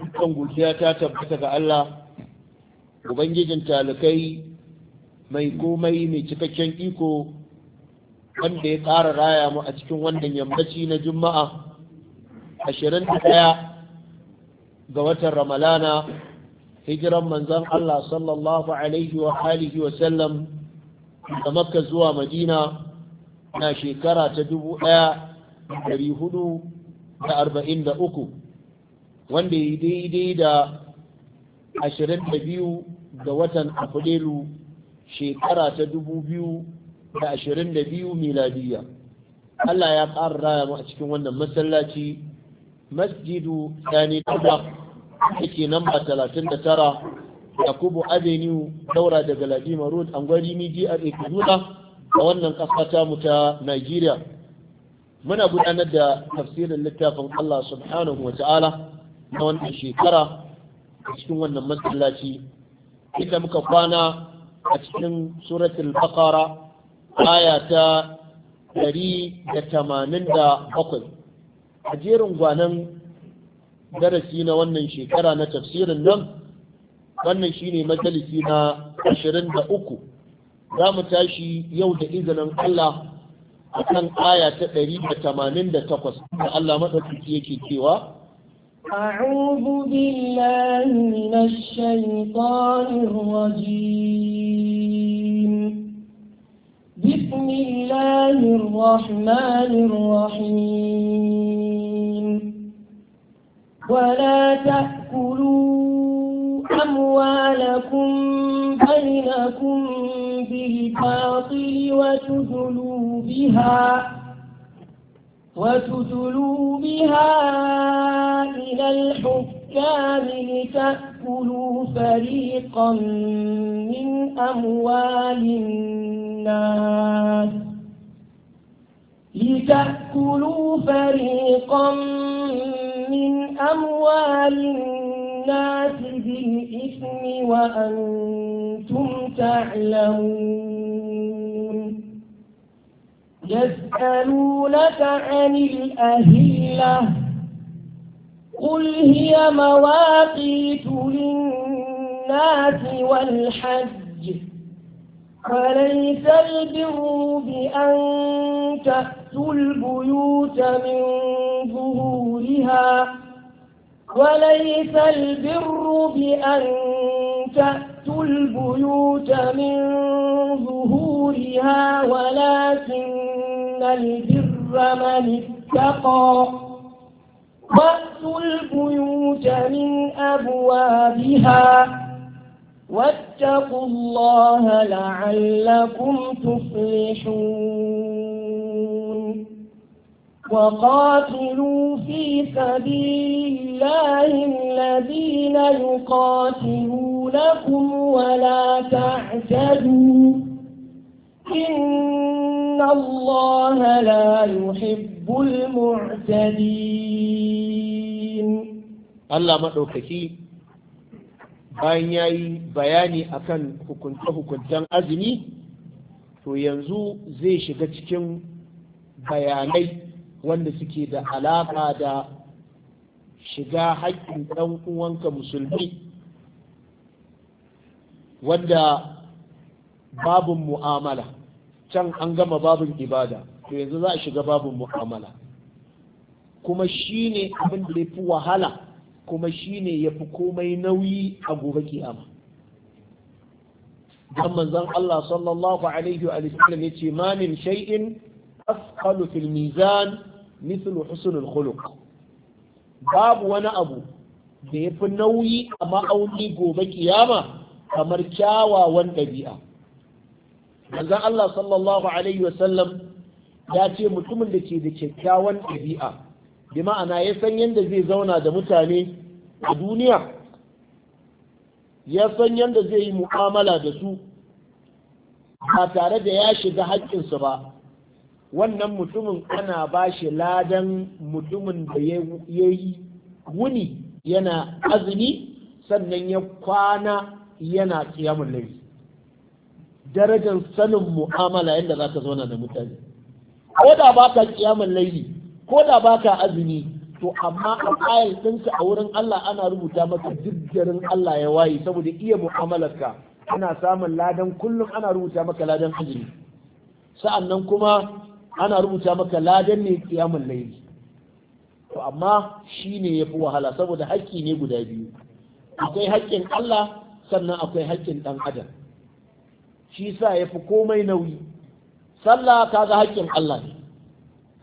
dukkan gudiya ta tabbata ga Allah ubangijin talikai mai komai mai cikakken iko wanda ya ƙara raya mu a cikin wannan yammaci na juma'a 21 ga watan ramalana hijiran manzan Allah sallallahu alaihi wa alihi wa sallam da makka zuwa madina na shekara ta 1443 wanda ya daidai da 22 ga watan afrilu shekara ta ashirin 2022 miladiya Allah ya ƙara raya mu a cikin wannan masallaci masjidu sani tuba yake namba 39 Kubo avenue daura daga ladima road gwari miji a ekuduna a wannan ƙasa ta mu ta nigeria muna gudanar da tafsirin littafin allah subhanahu wa ta'ala na wannan shekara a cikin wannan masallaci inda muka kwana a cikin suratul baqara aya ta 187 a jerin gwanan darasi na wannan shekara na tafsirin nan wannan shine majalisi na 23 za mu tashi yau da izinin Allah akan aya ta 188 da Allah madaukaki yake cewa أعوذ بالله من الشيطان الرجيم بسم الله الرحمن الرحيم ولا تأكلوا أموالكم بينكم بالباطل وتدلوا بها وتدلوا بها إلى الحكام لتأكلوا فريقا من أموال الناس لتأكلوا فريقا من أموال الناس بالإثم وأنتم تعلمون يسألونك عن الأهلة قل هي مواقيت للناس والحج فليس البر بأن تأتوا البيوت من ظهورها وليس البر بأن تأتوا البيوت من ظهورها ولا ولكن البر من اتقى وأتوا البيوت من أبوابها واتقوا الله لعلكم تفلحون وقاتلوا في سبيل الله الذين يقاتلونكم ولا تعتدوا إن إن الله لا يحب المعتدين الله ما دوكي bayan ya yi bayani akan hukunce-hukuncen azumi to yanzu zai shiga cikin bayanai wanda suke da alaƙa da shiga haƙƙin ɗan uwanka musulmi wanda babin mu'amala can an gama babin ibada to yanzu za a shiga babin mu'amala kuma ne abin da yafi wahala kuma shine yafi komai nauyi a gobe kiyama dan manzon Allah sallallahu alaihi wa sallam yace ma min shay'in asqalu fil mizan mithlu husnul khuluq babu wani abu da yafi nauyi a ma'auni gobe kiyama kamar kyawawan ɗabi'a manzon Allah sallallahu alaihi wasallam ya ce mutumin da ke da kyakkyawan ɗabi'a bi ma'ana ya san yadda zai zauna da mutane a duniya ya san yadda zai yi mu'amala da su ba tare da ya shiga haƙƙinsu ba wannan mutumin ana ba shi ladan mutumin da ya yi wuni yana azumi sannan ya kwana yana tsiyamun laifi darajar sanin mu'amala yadda za ka zauna da mutane ko da ba ka kiyamar laili ko da ba ka azumi to amma a kayan ɗinka a wurin Allah ana rubuta maka duk garin Allah ya waye saboda iya mu'amalar ka ana samun ladan kullum ana rubuta maka ladan azumi sa'annan kuma ana rubuta maka ladan ne kiyamar laili to amma shi ne ya fi wahala saboda haƙƙi ne guda biyu akwai haƙƙin Allah sannan akwai haƙƙin ɗan adam shi sa ya fi komai nauyi sallah kaga haƙƙin Allah ne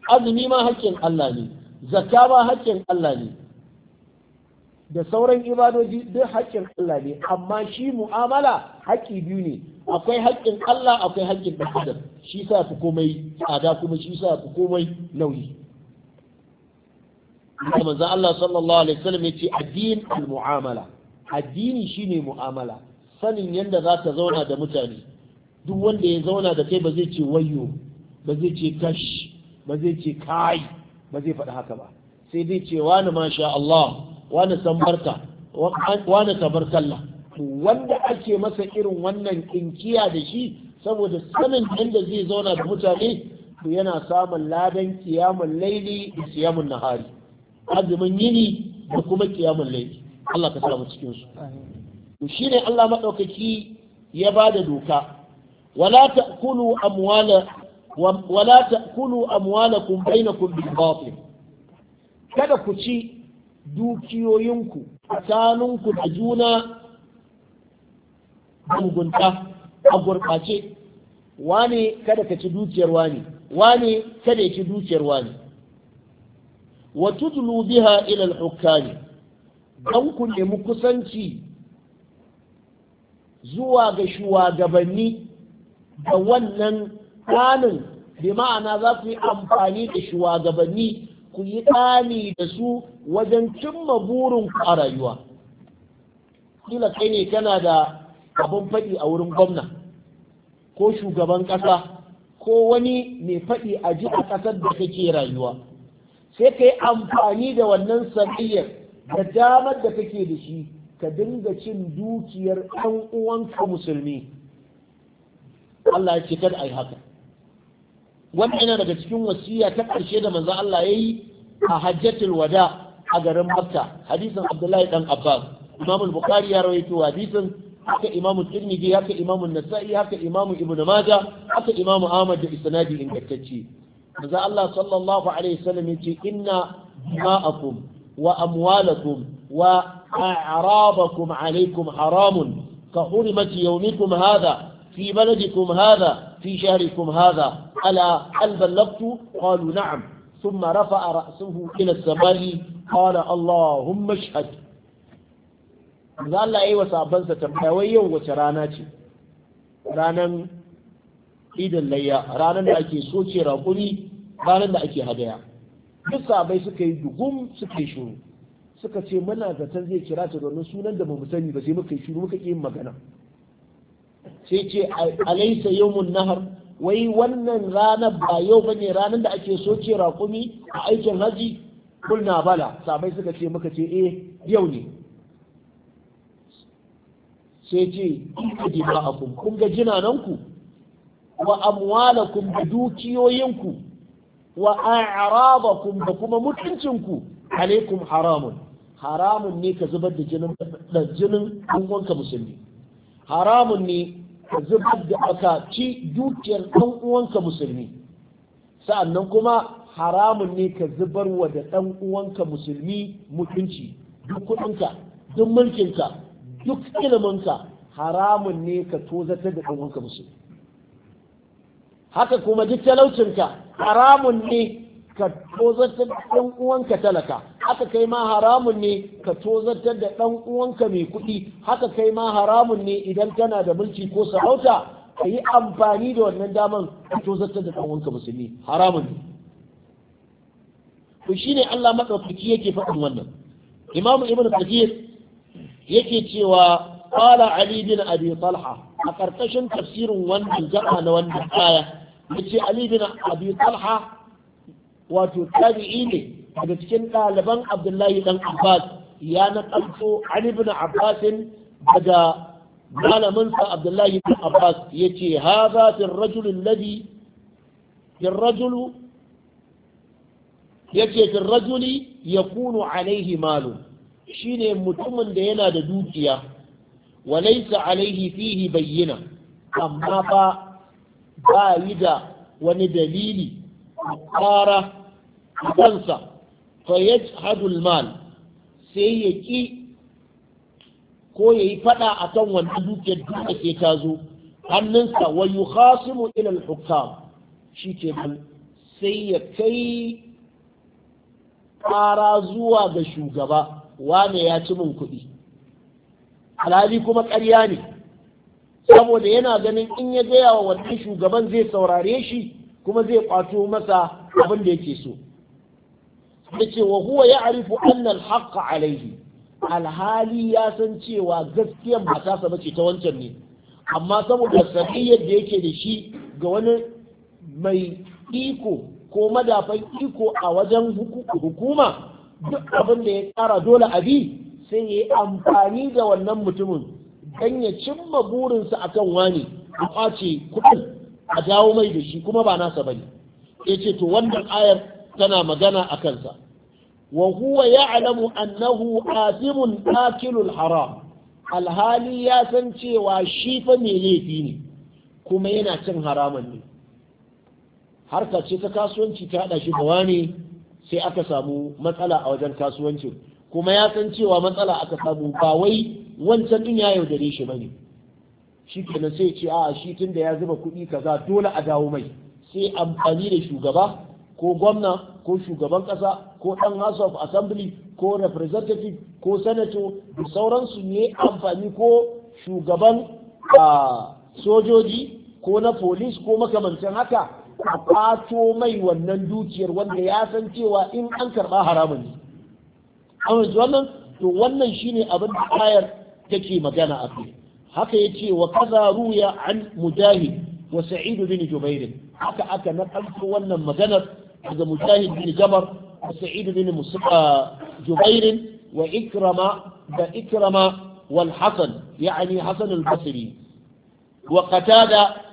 azumi ma haƙƙin Allah ne zakka ma haƙƙin Allah ne da sauran ibadoji duk haƙƙin Allah ne amma shi mu'amala haƙƙi biyu ne akwai haƙƙin Allah akwai haƙƙin ɗan adam shi sa fi komai tsada kuma shi sa fi komai nauyi manzo Allah sallallahu alaihi wasallam yace addin al-mu'amala addini shine mu'amala sanin yadda za ta zauna da mutane duk wanda ya zauna da kai ba zai ce wayo ba zai ce kash ba zai ce kai ba zai faɗi haka ba sai dai ce wani masha Allah wani sambarka wani tabarkalla wanda ake masa irin wannan kinkiya da shi saboda sanin inda zai zauna da mutane yana samun ladan kiyamun laili da kiyamun nahari azumin yini da kuma kiyamun laili Allah ka samu cikin su to ne Allah maɗaukaki ya ba da doka wala ta'kulu amwala wala ta'kulu kada ku ci dukiyoyinku tsaninku da juna mugunta a gurɓace wane kada ka ci dukiyar wani? Wani kada ya ci dukiyar wani? wa tudlu biha ila al dan ku nemi kusanci zuwa ga shugabanni da wannan tsanin bi ma'ana za ku yi amfani da shugabanni ku yi ɗani da su wajen cimma burin a rayuwa kila kai ne kana da abin faɗi a wurin gwamna ko shugaban ƙasa ko wani mai faɗi a ji a ƙasar da kake rayuwa sai ka yi amfani da wannan sanayyar da damar da kake da shi ka dinga cin dukiyar ɗan uwanka musulmi Allah ya ce kada a yi haka wannan yana daga cikin wasiya ta ƙarshe da manzo Allah ya yi a hajjatul wada a garin Makka hadisin Abdullahi dan Abbas Imam al-Bukhari ya rawaito hadisin haka Imam Tirmidhi haka Imam An-Nasa'i haka Imam Ibn Majah haka Imam Ahmad da isnadi ingantacce manzo Allah sallallahu alaihi wasallam yace inna ma'akum wa amwalakum wa a'rabakum alaikum haramun ka hurmati yawmikum hadha في بلدكم هذا في شهركم هذا ألا هل بلغت قالوا نعم ثم رفع رأسه إلى السماء قال اللهم اشهد قال أيوة سابنسة تنبوي وتراناتي رانا idan layya ranar da ake soke raƙuri ranar da ake hadaya duk sabai suka yi dugum suka yi shuru suka ce muna zaton zai kira ta domin sunan da bamu sani ba sai muka yi shuru muka magana sai ce alaisa yawmun nahar wai wannan ranar ba yau bane ranar da ake ce raƙumi a aikin haji kulna bala sabai suka ce muka ce eh yau ne sai ce kudi a kun ga ku wa amwalakum da dukiyoyinku wa a'rabakum da kuma mutuncinku alaikum haramun haramun ne ka zubar da jinin da jinin musulmi haramun ne ka zubar da aka ci dukiyar ɗan uwanka musulmi sa'annan kuma haramun ne ka zubar wa da ɗan uwanka musulmi mutunci duk kuɗinka duk mulkinka duk iliminka haramun ne ka tozatar da ɗan uwanka musulmi haka kuma duk talaucinka haramun ne ka tozatar da ɗan uwanka talaka haka kai ma haramun ne ka tozartar da ɗan uwanka mai kuɗi haka kai ma haramun ne idan kana da mulki ko sarauta ka yi amfani da wannan daman ka tozartar da ɗan uwanka musulmi haramun ne to shine Allah madaukaki yake faɗin wannan Imam Ibn Kathir yake cewa qala Ali bin Abi Talha a karkashin tafsirin wannan jama'a na wannan aya yace Ali bin Abi Talha wato tabi'i ne daga cikin ɗaliban abdullahi dan abbas ya na ƙarfo an ibn abbasin daga malaminsa abdullahi bin abbas ya ce ha za fi ya ce fi rajuli ya kunu alaihi malu shine mutumin da yana da dukiya walaisa alaihi fihi bayyana amma ba ba yi da wani dalili a ƙara kansa fayajhadul mal sai ya ki ko ya yi fada a kan wannan dukiyar duka sai ta zo hannunsa wa yi khasimu ilal hukam shi ke sai ya kai ƙara zuwa ga shugaba wane ya ci min kuɗi alhali kuma ƙarya ne saboda yana ganin in ya gaya wa wannan shugaban zai saurare shi kuma zai kwato masa abin da yake so yace wa huwa ya'rifu anna al-haqqa alayhi alhali ya san cewa gaskiyar ba ta bace ta wancan ne amma saboda sadiyyar da yake da shi ga wani mai iko ko madafan iko a wajen hukuma duk abin da ya tsara dole abi sai ya yi amfani da wannan mutumin dan ya cimma burinsa akan wani a kwace kuɗin a jawo mai da shi kuma ba nasa bane ya ce to wannan ayar tana magana a kansa wa huwa alamu annahu asimun akilul haram alhali ya san cewa shi fa mai laifi ne kuma yana cin haraman ne harka ce ta kasuwanci ta haɗa shi gawa ne sai aka samu matsala a wajen kasuwancin kuma ya san cewa matsala aka samu ba wai wancan din ya yaudare shi bane shi kenan sai ce a shi tun da ya zuba kuɗi kaza dole a dawo mai sai amfani da shugaba ko gwamna ko shugaban ƙasa ko ɗan house of assembly ko representative ko senator da sauransu ne amfani ko shugaban sojoji ko na police ko makamancin haka a kwato mai wannan dukiyar wanda ya san cewa in an karɓa haramun ne amince wannan to wannan shine abin da ayar take magana a kai haka ce wa kaza ruya an mujahid wa Sa'idu bin jubair haka aka na wannan maganar daga mujahid bin jabar da sa'id bin musa jubair wa ikrama da ikrama wal hasan yani hasan al basri wa qatada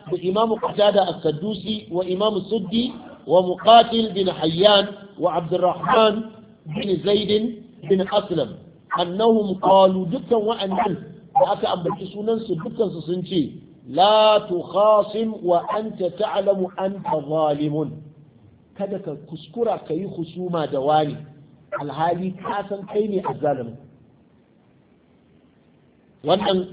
da imam qatada as-saddusi wa imam suddi wa muqatil bin hayyan wa abd arrahman bin zaid bin aslam annahum qalu dukkan wa'annan da aka ambaci sunansu dukansu sun ce la tukhasim wa anta ta'lamu anta zalimun kada ka kuskura ka yi husuma da wani alhali ka san kai ne azzalimin wannan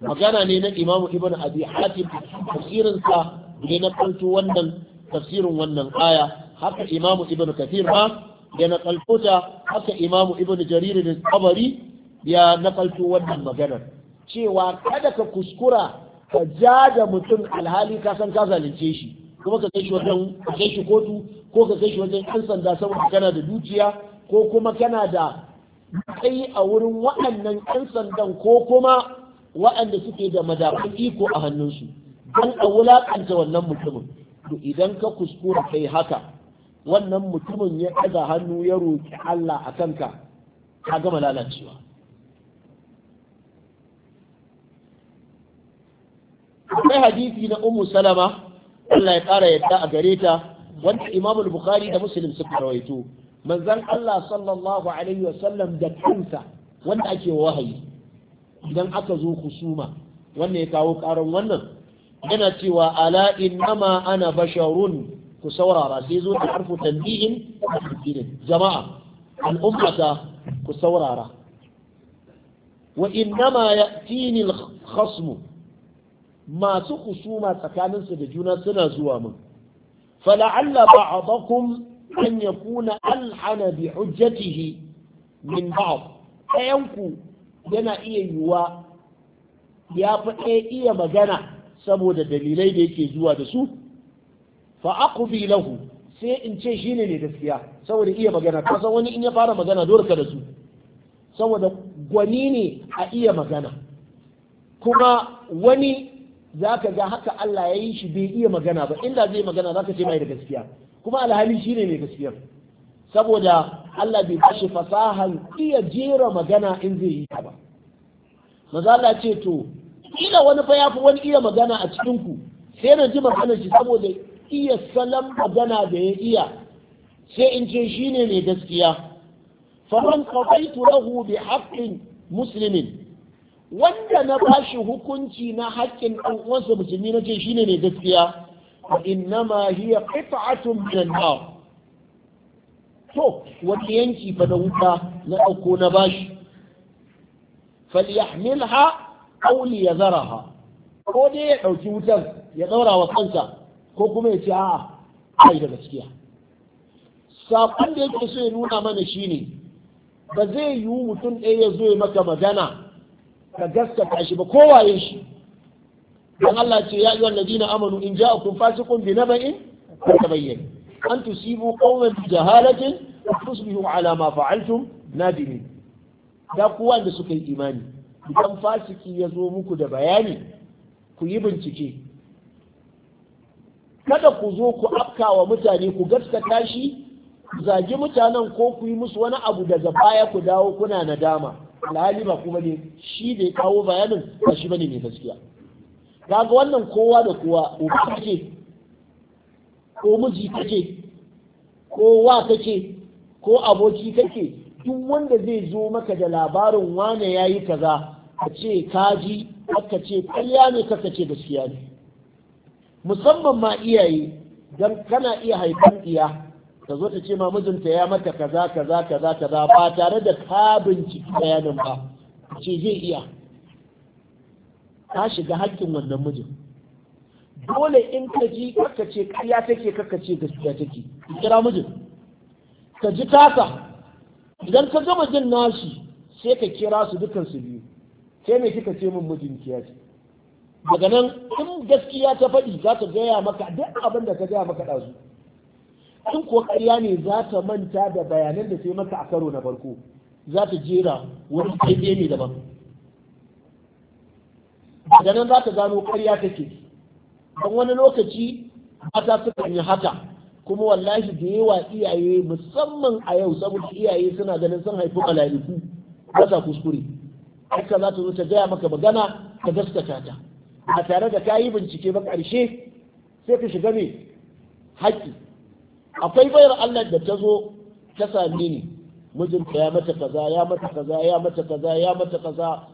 magana ne na imamu ibn abi hatim tafsirinsa ne na kalto wannan tafsirin wannan aya haka imamu ibn kathir ma ya na kalkota haka imamu ibn jarir da tsabari ya na kalto wannan maganar cewa kada ka kuskura ka ja da mutum alhali ka san ka zalunce shi kuma ka kai shi wajen kai shi kotu ko ka kai shi wajen yan sanda saboda kana da dukiya ko kuma kana da kai a wurin waɗannan yan sandan ko kuma waɗanda suke da madafun iko a hannunsu don a wulaƙanta wannan mutumin to idan ka kuskura kai haka wannan mutumin ya ɗaga hannu ya roƙi Allah a kanka ka gama lalacewa akwai hadisi na Ummu Salama Allah ya ƙara yadda a gare ta wanda Imam Bukhari da Muslim suka rawaito manzon Allah sallallahu alaihi wasallam da kansa wanda ake wahayi idan aka zo kusuma wanda ya kawo ƙarin wannan yana cewa ala innama ana basharun ku saurara sai zo da harfu tanbihin jama'a al'ummata ku saurara wa innama ya'tini al-khasmu masu tsakanin tsakaninsu da juna suna zuwa min fala'alla ba'dakum an yakuna alhana bi hujjatihi min ba'd ɗayanku yana iya yiwuwa ya fi ɗaya iya magana saboda dalilai da yake zuwa da su fa aqbi lahu sai in ce shine ne gaskiya saboda iya magana ka san wani in ya fara magana dole ka da su saboda gwani ne a iya magana kuma wani za ka ga haka Allah ya yi shi bai iya magana ba inda zai magana za ka ce mai da gaskiya kuma alhali shi ne mai gaskiya saboda Allah bai bashi fasahan iya jera magana in zai yi ta ba mazala ce to ila wani fa yafi wani iya magana a cikin ku sai na ji magana shi saboda iya salon magana da ya iya sai in ce shi ne mai gaskiya faman qadaitu lahu bi haqqin muslimin wanda na bashi hukunci na haƙƙin ɗan uwansa musulmi na ce shine ne gaskiya innama hiya qit'atun min an-nar to wani yanki fa da wuta na ɗauko na bashi falyahmilha aw liyadharaha ko dai ya ɗauki wutar ya ɗaura wa kansa ko kuma ya ce a'a ai da gaskiya saƙon da yake so ya nuna mana shine ba zai yiwu mutum ɗaya ya zo ya maka magana ka gaskata shi ba kowaye shi dan Allah ce ya yi wallazina amanu in ja ku fasiqun bi naba'in fatabayyan an tusibu qauman bi jahalatin tusbihu ala ma fa'altum nadimin da ku wanda suka yi imani idan fasiki ya zo muku da bayani ku yi bincike kada ku zo ku wa mutane ku gaskata shi zagi mutanen ko ku yi musu wani abu daga baya ku dawo kuna nadama lalima kuma ne shi da ya kawo bayanin ba shi bane mai gaskiya kaga wannan kowa da kowa uba kake ko miji kake ko wa kake ko aboki kake duk wanda zai zo maka da labarin wane ya yi kaza ka ce kaji ka ce kalya ne ka ce gaskiya ne musamman ma iyaye don kana iya haifan iya ta zo ta ce ma mijinta ya mata kaza kaza kaza kaza ba tare da ka binciki bayanin ba ce zai iya ta shiga hakkin wannan mijin dole in ka ji kaka ce ƙarya take kaka ce gaskiya take kira mijin ka ji tasa idan ka gama jin nashi sai ka kira su dukan su biyu sai me kika ce min mijin ki daga nan in gaskiya ta faɗi za ta gaya maka duk abin da ta gaya maka ɗazu in kuwa ƙarya ne za ta manta da bayanan da sai mata a karo na farko za ta jera wani ƙarfi ne daban daga nan za ta gano ƙarya take don wani lokaci mata sukan yi haka kuma wallahi da yawa iyaye musamman a yau saboda iyaye suna ganin sun haifi ba kasa kuskure aika za ta zo ta gaya maka magana ka gaskata ta a tare da ka yi bincike ba ƙarshe sai ka shiga ne haƙƙi akwai bayar Allah da ta zo ta same ni mijinta ya mata kaza ya mata kaza ya mata kaza ya mata kaza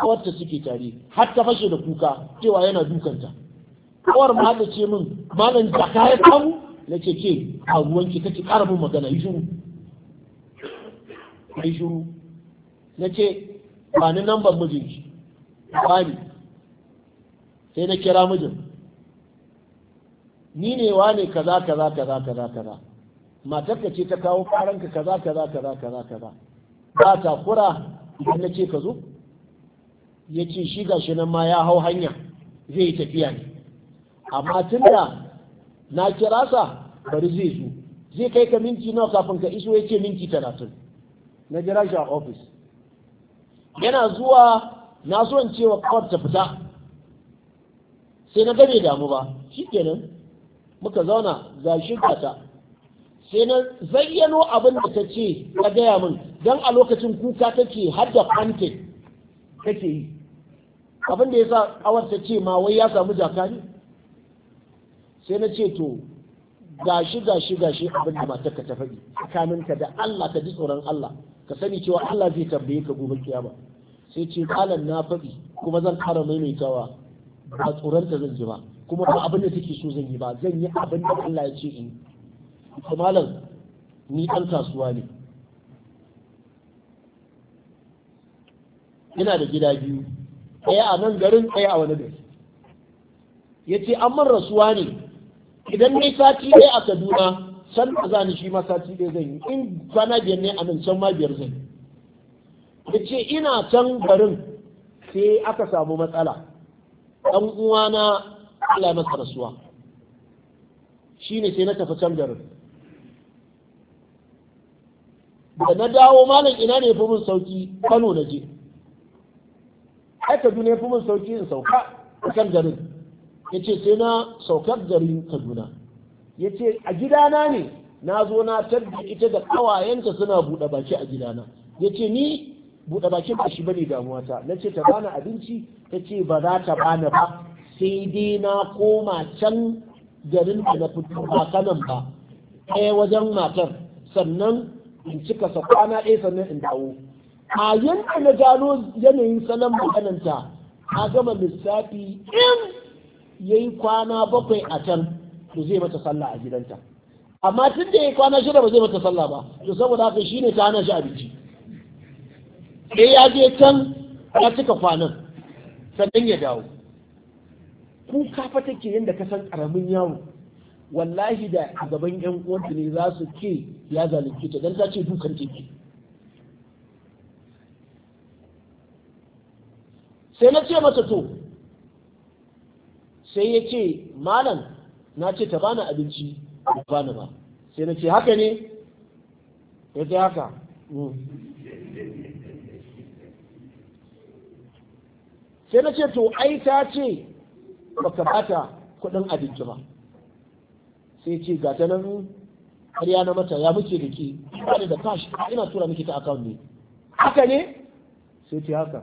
kawarta suke tare har ta fashe da kuka cewa yana dukanta kawar ma da ce min malam jaka ya kamu na ce ke a ruwanki kake ƙara min magana yi shuru yi shuru na ce ba ni namban mijinki ba ni sai na kira mijin ni ne ne kaza kaza kaza kaza kaza matarka ce ta kawo karanka kaza kaza kaza kaza kaza ba ta kura idan na ce ka zo ya ce shi shi nan ma ya hau hanya zai yi tafiya ne amma tun da na kira sa bari zai zo zai kai ka minti nawa kafin ka iso ya ce minti talatin na jira shi a ofis yana zuwa na so cewa kawar ta fita sai na gane damu ba shi kenan muka zauna ga shirkata sai na zayyano abin da ta ce ta gaya min don a lokacin kuka take har da kwantin take yi abin da ya sa awar ta ce ma wai ya samu jaka ne sai na ce to gashi gashi gashi abin da matar ka ta faɗi ka da Allah ka ji tsoron Allah ka sani cewa Allah zai tambaye ka gobe kiyama sai ce kalan na faɗi kuma zan ƙara maimaitawa ba tsoron ta zan ji ba kuma ba abin da take so zan yi ba zan yi abin da Allah ya ce in to malam ni ɗan kasuwa ne ina da gida biyu ɗaya a nan garin ɗaya a wani gari ya ce an man rasuwa ne idan ne sati ɗaya a kaduna san da za ni shi ma sati ɗaya zan yi in kwana biyar ne a nan can ma biyar zan yi ya ce ina can garin sai aka samu matsala ɗan uwana Allah masa rasuwa ne sai na tafi can garin da na dawo malam ina ne fi mun sauki Kano na je ai Kaduna fi mun sauki in sauka a kan garin ce sai na saukar garin Kaduna ce a gidana ne na zo na tabbi ita da kawayenta suna buɗe baki a gidana Ya ce ni buɗe bakin ba shi bane ta. na ce ta bani abinci ta ce ba za ta bani ba sai dai na koma can garin da na fito ba kanan ba ɗaya wajen matar sannan in cika sa kwana ɗaya sannan in dawo a yanda na gano yanayin sanan magananta a gama lissafi in ya yi kwana bakwai a can to zai mata sallah a gidanta amma tun da ya yi kwana shida ba zai mata sallah ba da saboda haka shi ne ta hana shi abinci sai ya je can ya cika kwanan sannan ya dawo Ku kafa take yadda ka san karamin yawo wallahi da gaban yan uwanta ne za su ke ya zalunci ta dan ta ce dukan take sai na ce mata to sai ya ce malam na ce ta bani abinci ba bani ba sai na ce haka ne ya ce haka sai na ce to ai ta ce baka bata kuɗin abinci ba sai ce ga ta nan har na mata ya muke da ke ba da cash ina tura miki ta account ne haka ne sai ce haka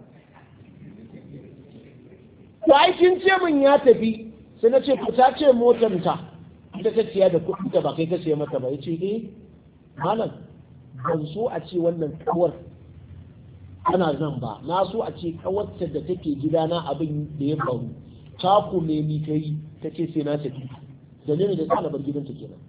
to ai kin ce min ya tafi sai na ce ku ta ce motanta da ta ciya da kuɗin ta ba kai ka siya mata ba ya ce eh malam ban so a ce wannan kawar ana nan ba na so a ce kawarta da take gidana abin da ya faru takule ni kai ta ce sai na tafi dalilin da tsalabar gidanta kenan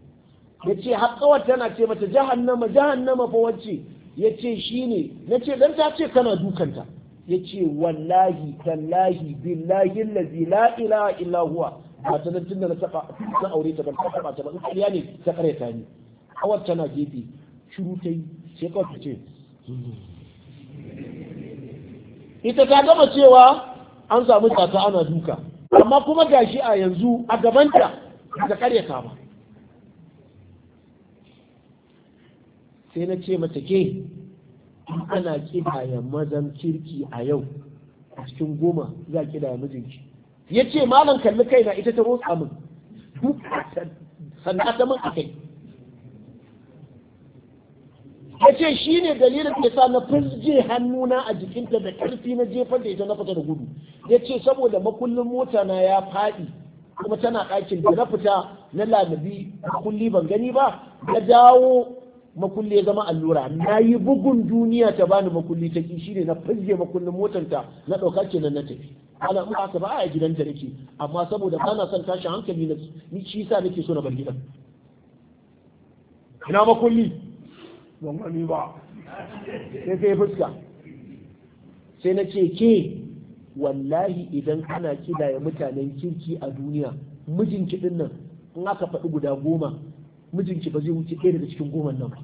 ya ce haƙawar tana ce mata jahannama jahannama fa wacce ya ce shi ne na ce dan ta ce kana dukanta ya ce wallahi tallahi billahi lazi la ilaha illa huwa ba ta da tunda da na na aure ta ban taɓa ta ba in ƙarya ne ta ta ni awar tana gefe shiru ta yi sai kawai ta ce hmm. ita ta gama cewa an samu tata ana duka amma kuma gashi a yanzu a gabanta da karyata ba sai na ce mata ke ana kidaya mazan kirki a yau a cikin goma za a kidaya mijinki ya ce malam kalli kai na ita ta motsa min sannan ta min a ya ce shi ne dalilin da sa na hannu hannuna a jikinta da ƙarfi na jefar da ita na fita da gudu ya ce saboda makullin mota na ya faɗi kuma tana ɗakin da na fita na lalabi makulli ban gani ba ya dawo makulli ya zama allura na yi bugun duniya ta bani makulli ta shi ne na fizge makullin motanta na ɗauka kenan na tafi ana in haka ba a gidanta nake amma saboda bana son tashi hankali na ni shi sa nake so na bar gidan ina makulli ban wani ba sai sai fuska sai na ce ke wallahi idan ana ya mutanen kirki a duniya mijin dinnan nan in aka faɗi guda goma mijin ki ba zai wuce ɗaya daga cikin goma nan ba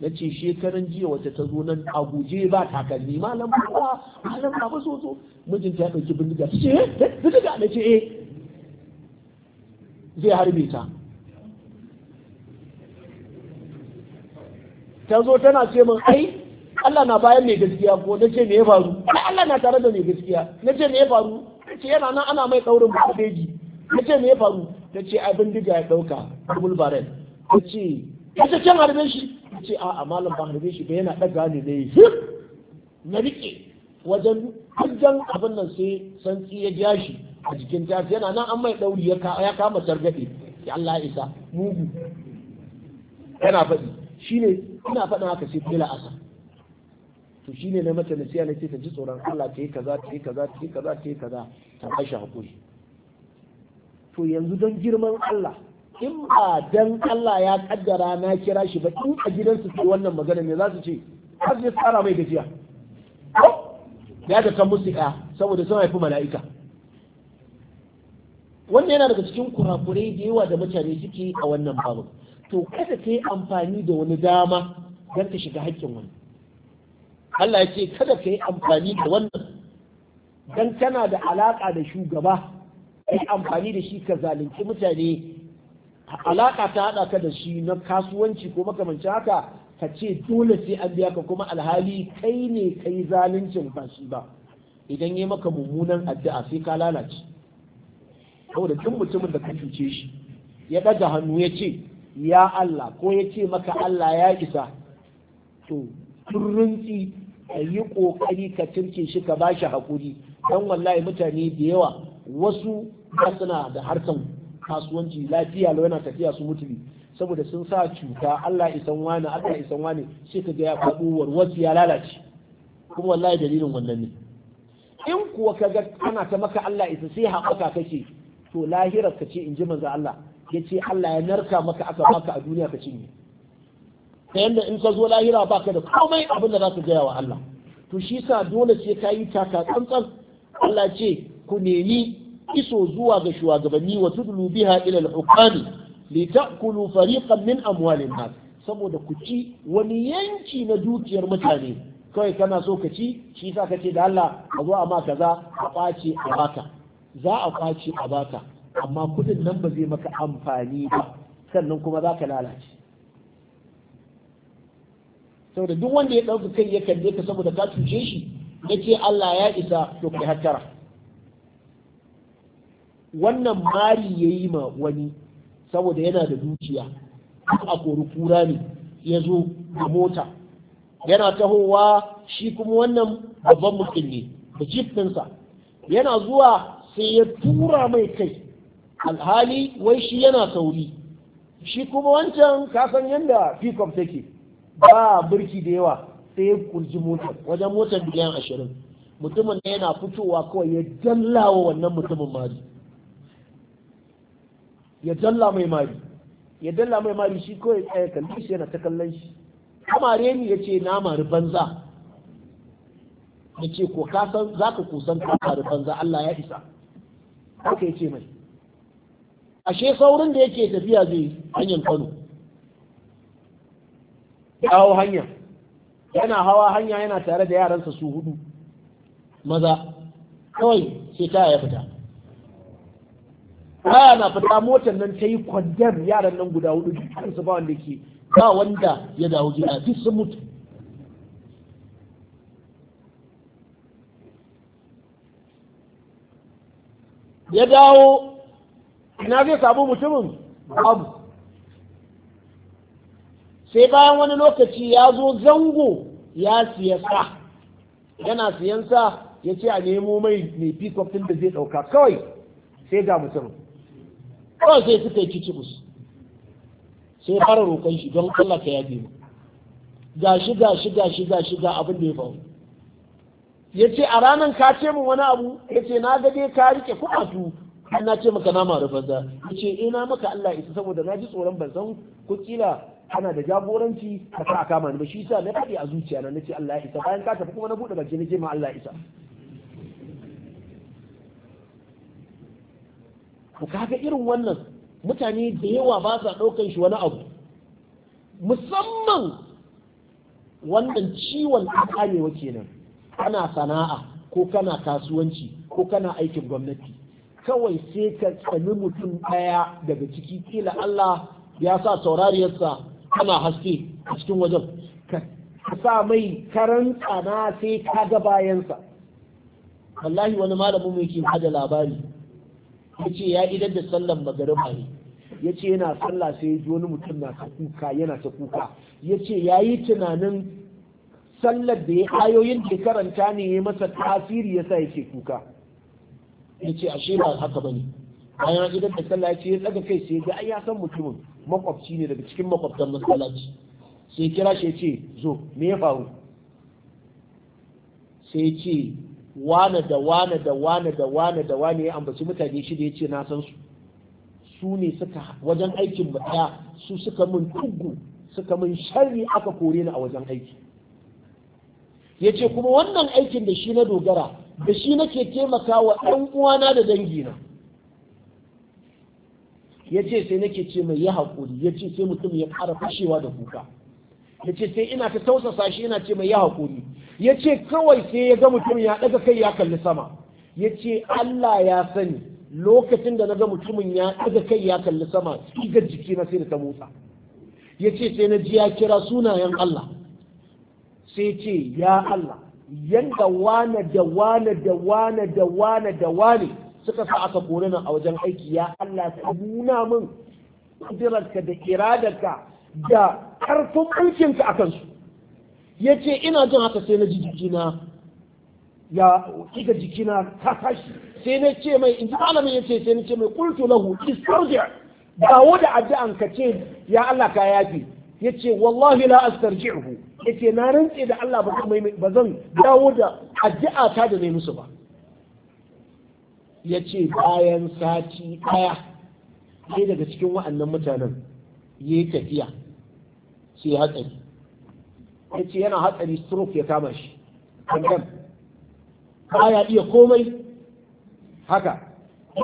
na ce shekaran jiya wata ta zo nan a guje ba takalmi malam ba malam ba so so mijin ya ɗauki bindiga ta ce eh bindiga na ce eh zai harbe ta ta zo tana ce min ai Allah na bayan mai gaskiya ko na ce me ya faru Allah na tare da mai gaskiya na ce me ya faru na ce yana nan ana mai ɗaurin babeji na ce me ya faru ta ce abin diga ya ɗauka double barrel ta ce ta ce can harbe shi ta ce a'a malam ba harbe shi ba yana daga ne ne na riƙe wajen hajjan abin nan sai santsi ya ja a jikin ta yana nan an mai ɗauri ya kama targaɗe ya Allah isa mugu yana faɗi shine ina faɗin haka sai kai la'asa to shine na mata nasiya na ce ta ji tsoron Allah ta yi kaza ta yi kaza ta yi kaza ta yi kaza ta bashi hakuri to yanzu don girman Allah in ba dan Allah ya kaddara na kira shi ba in a gidansu ce wannan magana ne za su ce har zai tsara mai gajiya ya ga kan musu ɗaya saboda sun haifi mala'ika wannan yana daga cikin kurakurai da yawa da mutane suke a wannan babu to kada ka yi amfani da wani dama don ka shiga haƙƙin wani Allah ya ce kada ka yi amfani da wannan don kana da alaƙa da shugaba ka yi amfani da shi ka zalunci mutane alaƙa ta haɗa ka da shi na kasuwanci ko makamancin haka ka ce dole sai an biya ka kuma alhali kai ne ka yi zaluncin ba shi ba idan yi maka mummunan addu'a sai ka lalace saboda duk mutumin da ka cuce shi ya ɗaga hannu ya ce ya Allah ko ya ce maka Allah ya isa to turrunci a yi ƙoƙari ka cirke shi ka ba shi haƙuri don wallahi mutane da yawa wasu ba suna da harkan kasuwanci lafiya lau yana tafiya su mutu saboda sun sa cuta Allah isan wani Allah isan wani shi ka ga ya faɗo warwasu ya lalace kuma wallahi dalilin wannan ne in kuwa ka ga ana ta maka Allah isa sai haɓaka kake to lahirar ka ce in ji manzo Allah ya ce Allah ya narka maka aka baka a duniya ka cinye ta yadda in ka zo lahira baka da komai abin da za ka gaya wa Allah to shi sa dole sai ka yi taka tsantsan Allah ce ku nemi iso zuwa ga shugabanni wa tudlu biha ila al-hukami li ta'kulu fariqan min amwalin nas saboda ku ci wani yanki na dukiyar mutane kawai kana so ka ci shi sa ka ce da Allah a zo a ma kaza a kwace a baka za a kwace a baka amma kudin nan ba zai maka amfani ba sannan kuma za ka lalace saboda duk wanda ya ɗauka kai ya kalle ka saboda ka cuce shi ya ce Allah ya isa to kai hattara wannan mari ya yi ma wani saboda yana da dukiya a kori kura ne ya zo da mota yana tahowa shi kuma wannan babban mutum ne da jifinsa yana zuwa sai ya tura mai kai alhali wai shi yana sauri shi kuma wancan kasan yadda pickup take ba birki da yawa sai ya kurji motar wajen motar biliyan ashirin mutumin da yana fitowa kawai ya wa wannan mutumin mari ya jalla mai mari ya jalla mai mari shi kawai tsaye kalli shi yana ta kallon shi kamare ni ya ce na mari banza ya ce ko kasan za ka kusan ka mari banza Allah ya isa haka ya ce mai ashe saurin da yake tafiya zai hanyar kano Ya dawo hanya yana hawa hanya yana tare da yaransa su hudu maza kawai sai ta ya fita baya na fita motar nan ta yi kwandar yaran nan guda hudu kansu ba wanda ke ba wanda ya dawo gida duk sun mutu ya dawo ina zai samu mutumin abu sai bayan wani lokaci ya zo zango ya siya sa yana siyan sa ya ce a nemo mai mai peacock da zai ɗauka kawai sai ga mutum kawai sai suka yi musu sai fara roƙon shi don Allah ka yabe mu ga shi ga shi ga shi ga shi ga abin da ya faru ya ce a ranar ka ce min wani abu ya ce na ga dai ka rike tu. an na ce maka nama da banza yace ina eh, maka Allah isa saboda na ji tsoron ban san ku kila ana da jagoranci ka sa a kama ni ba shi yasa na faɗi a zuciya na nace Allah isa bayan ka tafi kuma na buɗe baki nake ma Allah isa ku kaga irin wannan mutane da yawa ba sa ɗaukan shi wani abu musamman wannan ciwon kamewa kenan kana sana'a ko kana kasuwanci ko kana aikin gwamnati kawai sai ka tsani mutum ɗaya daga ciki kila Allah ya sa saurariyarsa kana haske a cikin wajen ka sa mai karan tsana sai ka ga bayansa wallahi wani malamin mai ke hada labari ya ce ya idan da sallan magariba ne ya ce yana sallah sai ya ji wani mutum na ta kuka yana ta kuka ya ce ya yi tunanin sallar da ya ayoyin da karanta ne ya masa tasiri ya sa yake kuka ya ce ashe ba haka bane bayan idan da sallah ya ce ya tsaga kai sai ga ai ya san mutumin makwabci ne daga cikin makwabtan masallaci sai kira shi ya ce zo me ya faru sai ce wane da wane da wane da wane da wane ya ambaci mutane shi da ya ce na san su su ne suka wajen aikin mutaya su suka mun tuggu suka mun sharri aka kore ni a wajen aiki ya ce kuma wannan aikin da shi na dogara da shi nake taimaka wa ɗan uwana da dangina ya ce sai nake ce mai ya haƙuri ya ce sai mutum ya ƙara fashewa da kuka ya ce sai ina ta tausasa shi ina ce mai ya haƙuri ya ce kawai sai ya ga mutum ya ɗaga kai ya kalli sama ya ce Allah ya sani lokacin da na ga mutumin ya ɗaga kai ya kalli sama sigar jiki na sai da ta motsa ya ce sai na ji ya kira sunayen Allah sai ce ya Allah yanda wane da wane da wane da wane da wane suka sa aka kore nan a wajen aiki ya Allah ka nuna min kudirarka da iradarka da karfin mulkinka a kansu ya ce ina jin haka sai na ji jikina ya kika jikina ta tashi sai na ce mai in ji malamin ya ce sai na ce mai kultu lahu istarji dawo da addu'an ka ce ya Allah ka yafi yace wallahi la astarji'uhu yace na rantse da Allah ba kuma ba zan dawo da addu'a ta da nayi musu ba yace bayan sati daya ne daga cikin wa'annan mutanen yi tafiya sai hatsari yace yana hatsari stroke ya kama shi kankan baya iya komai haka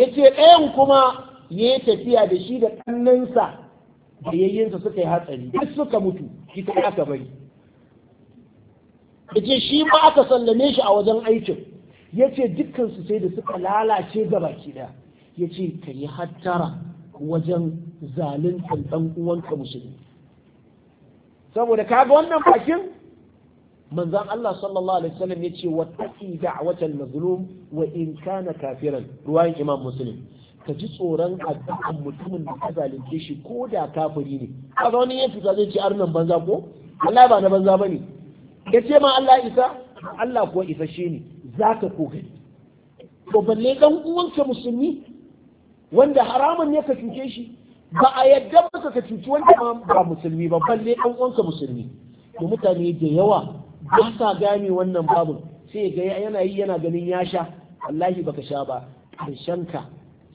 yace ɗayan kuma yayi tafiya da shi da ƙannansa da suka yi hatsari duk suka mutu shi kai aka bari yace shi ma aka sallame shi a wajen aikin yace dukkan su sai da suka lalace ga baki daya yace ka yi hattara wajen zaluntar dan uwanka musulmi saboda kaga wannan bakin manzon Allah sallallahu alaihi wasallam yace wa taqi da'watal mazlum wa in kana kafiran ruwayan imam muslim ka ji tsoron addu'an mutumin da ka zalunce shi ko da kafiri ne kaga wani ya fita zai ce arnan banza ko Allah ba na banza bane ya ma Allah isa Allah kuwa isa shi ne zaka ko gani to balle dan uwanka musulmi wanda haramun ne ka cuce shi ba a yadda maka ka cuci wanda ba musulmi ba balle dan uwanka musulmi to mutane da yawa ba sa gane wannan babu sai ga yana yi yana ganin ya sha wallahi baka sha ba karshen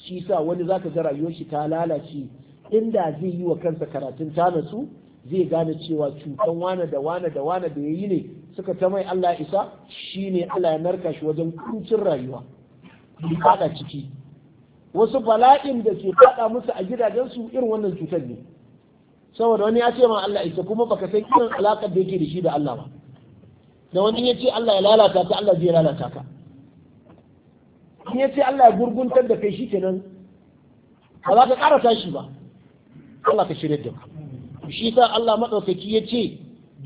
shi sa wani zaka ga rayuwar shi ta lalace inda zai yi wa kansa karatun ta nasu zai gane cewa cutan wane da wane da wane da ya yi ne suka ta mai Allah isa shi ne Allah ya narka shi wajen kuncin rayuwa bai fada ciki wasu bala'in da ke fada musu a gidajensu irin wannan cutar ne saboda wani ya ce ma Allah isa kuma baka san irin alakar da yake da shi da Allah ba da wani ya ce Allah ya lalata ka Allah zai lalata ka in ya ce Allah ya gurguntar da kai shi kenan ba za ka ƙara tashi ba Allah ka shirya da ku shi sa Allah maɗaukaki ya ce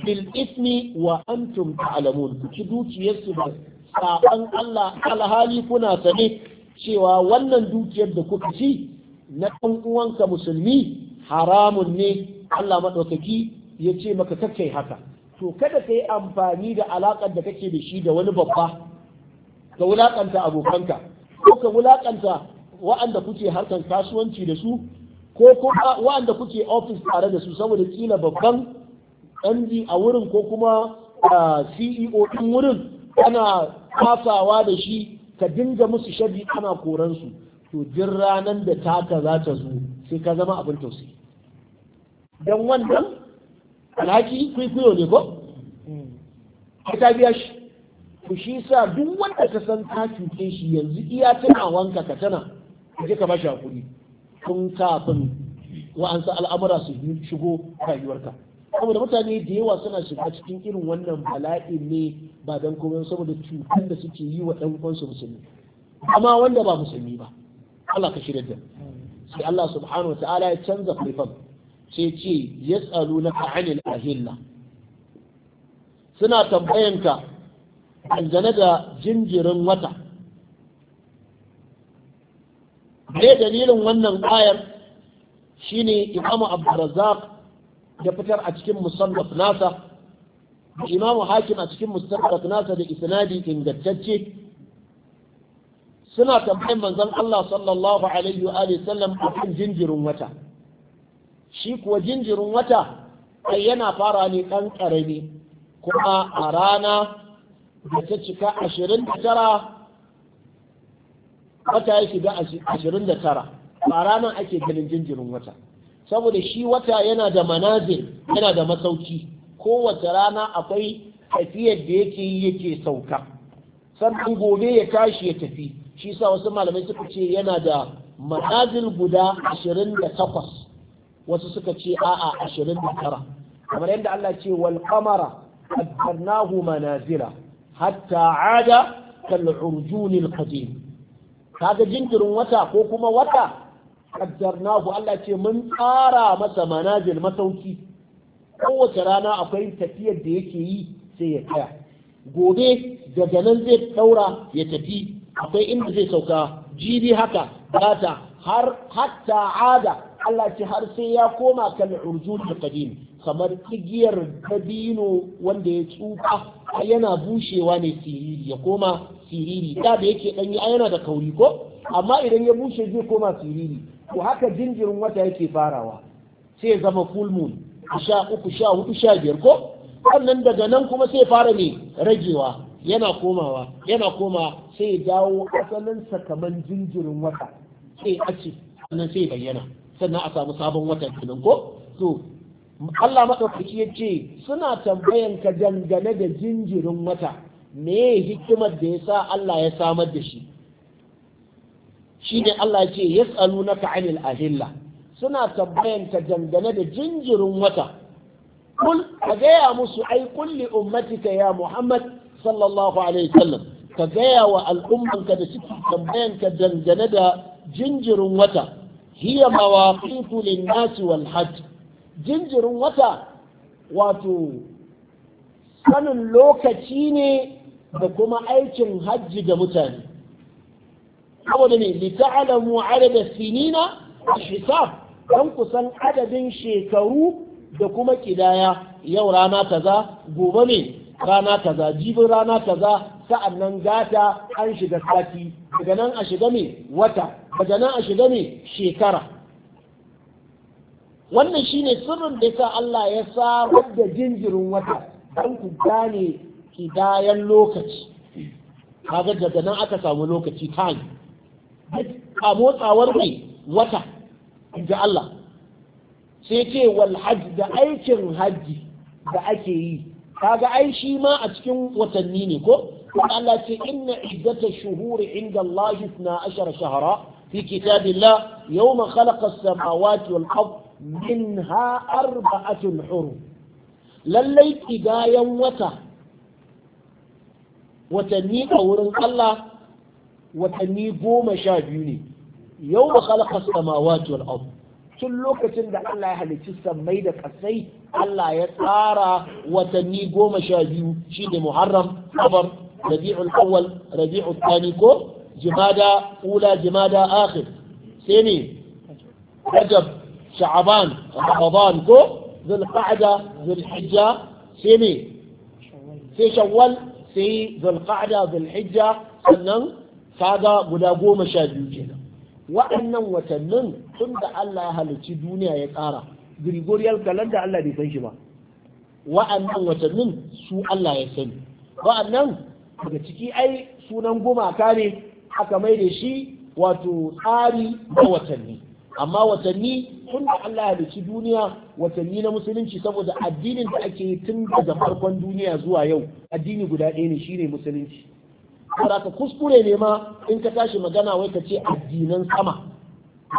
bil ismi wa antum ta'lamun ku ci dukiyarsu ba. saban Allah alhali kuna sane cewa wannan dukiyar da kuka ci na ɗan uwanka musulmi haramun ne Allah maɗaukaki ya ce maka kakai haka to kada ka yi amfani da alaƙar da kake da shi da wani babba ka wulakanta abokanka ko ka wulakanta wa'anda kuke harkar kasuwanci da su ko kuma wa'anda kuke ofis tare da su saboda kila babban MD a wurin ko kuma CEO din wurin ana kasawa da shi ka dinga musu shabi ana koransu to jin ranar da taka za ta zo sai ka zama abin tausayi don wannan alhaki kwaikwayo ne ko? Mm. ka biya shi ku shi sa duk wanda ka san ka cuce shi yanzu iya wanka ka tana ka je ka ba shi hakuri tun kafin wa'ansa al'amura su shigo rayuwarka saboda mutane da yawa suna shiga cikin irin wannan bala'i ne ba don komai saboda cutar da suke yi wa ɗan uwansu musulmi amma wanda ba musulmi ba Allah ka shirya da sai Allah subhanahu wataala ya canza faifan sai ce yas'alunaka a ahilla suna tambayanka dangane da jinjirin wata ne dalilin wannan ayar shine imamu abdurrazzaq da fitar a cikin musallaf nasa da imamu hakim a cikin musallaf nasa da isnadi ingantacce suna tambayin manzon Allah sallallahu alaihi wa sallam akan jinjirin wata shi kuwa jinjirin wata ai yana fara ne ɗan ƙarami kuma a rana da ta cika ashirin da tara wata ya shiga ashirin da tara ba ranar ake ganin jinjirin wata saboda shi wata yana da manazir yana da masauki kowace rana akwai tafiyar da yake yi yake sauka sannan gobe ya tashi ya tafi shi sa wasu malamai suka ce yana da manazil guda ashirin da takwas wasu suka ce a'a ashirin da tara kamar yadda Allah ce wal qamara manazira hatta ada kal urjunil qadim kaga jinkirin wata ko kuma wata qaddarnahu Allah ce mun tsara masa manazil masauki kowace rana akwai tafiyar da yake yi sai ya kaya. gobe daga nan zai daura ya tafi akwai inda zai sauka jibi haka bata har hatta ada Allah ce har sai ya koma kal urjunil qadim kamar igiyar dabino wanda ya tsufa yana bushewa ne siriri ya koma siriri da da yake danyi a yana da kauri ko amma idan ya bushe zai koma siriri ko haka jinjirin wata yake farawa sai zama full moon sha uku sha hudu sha biyar ko wannan daga nan kuma sai fara ne ragewa yana komawa yana koma sai dawo asalin kamar jinjirin wata sai a ce sannan sai bayyana sannan a samu sabon wata kenan ko to Allah maɗaukaki ya ce suna tambayan ka dangane da jinjirin wata me hikimar da ya sa Allah ya samar da shi shi ne Allah ce na anil ahilla suna tambayan ka dangane da jinjirin wata kul ka gaya musu ai kulli ummatika ya Muhammad sallallahu alaihi wasallam ka gaya wa al'ummanka da suke tambayan ka dangane da jinjirin wata hiya mawaqitu lin-nasi wal hajj jinjirin wata wato sanin lokaci ne da kuma aikin hajji da mutane saboda ne lita'alamu da sinina a hisab don kusan adadin shekaru da kuma kidaya yau rana kaza gobe ne rana kaza jibin rana kaza sa'an nan gata an shiga sati daga nan a shiga mai wata daga nan a shiga mai shekara wannan shine sirrin da yasa Allah ya samar da jinjirin wata don ku gane hidayen lokaci kaga daga nan aka samu lokaci time a motsawar mai wata ga Allah sai ce wal hajj da aikin hajji da ake yi kaga ai shi ma a cikin watanni ne ko Allah ce inna iddata shuhuri inda Allah 12 shahara fi kitabillah yawma khalaqa as-samawati wal ardh minha arba'atun hurum lallai kidayan wata watanni a wurin Allah watanni goma sha biyu ne yau da khalaqa samawati wal tun lokacin da Allah ya halicci sammai da kasai Allah ya tsara watanni goma sha biyu shi da Muharram Safar Rabi'ul Awwal Rabi'ul Thani ko Jimada Ula Jimada Akhir sai ne Rajab sha'aban ramadan ko zulqa'da zulhijja sai ne sai shawwal sai zulqa'da zulhijja sannan kaga guda goma sha biyu kenan waɗannan watannin tun da Allah ya halicci duniya ya tsara Gregorian calendar Allah bai san shi ba wa'annan watannin su Allah ya sani wa'annan daga ciki ai sunan gumaka ne aka mai da shi wato tsari na watanni amma watanni tun da Allah ya halicci duniya watanni na musulunci saboda addinin da ake yi tun daga farkon duniya zuwa yau addini guda ɗaya ne shine musulunci saboda ka kuskure ne ma in ka tashi magana wai ka ce addinan sama